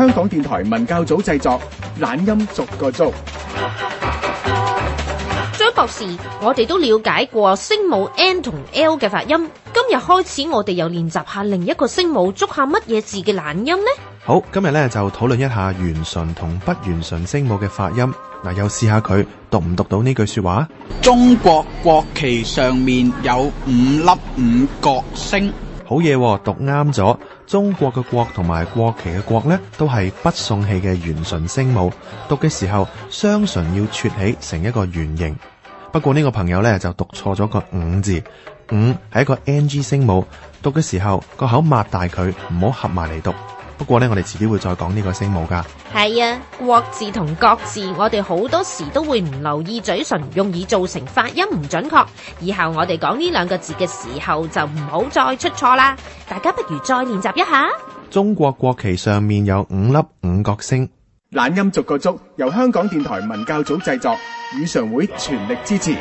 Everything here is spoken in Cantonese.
香港電台文教組製作，懶音逐個捉。張博士，我哋都了解過聲母 n 同 l 嘅發音。今日開始，我哋又練習下另一個聲母，捉下乜嘢字嘅懶音呢？好，今日呢就討論一下圓唇同不圓唇聲母嘅發音。嗱，又試下佢讀唔讀到呢句說話？中國國旗上面有五粒五角星。好嘢， 讀啱咗。中國嘅國同埋國旗嘅國呢都係不送氣嘅圓唇聲母。讀嘅時候雙唇要撮起成一個圓形。不過呢個朋友呢，就讀錯咗個五字，五係一個 ng 聲母，讀嘅時候個口擘大佢，唔好合埋嚟讀。不過咧，我哋遲啲會再講呢個聲母噶。係啊，國字同角字，我哋好多時都會唔留意嘴唇，容易造成發音唔準確。以後我哋講呢兩個字嘅時候就唔好再出錯啦。大家不如再練習一下。中國國旗上面有五粒五角星。懶音逐個逐，由香港電台文教組製作，語常會全力支持。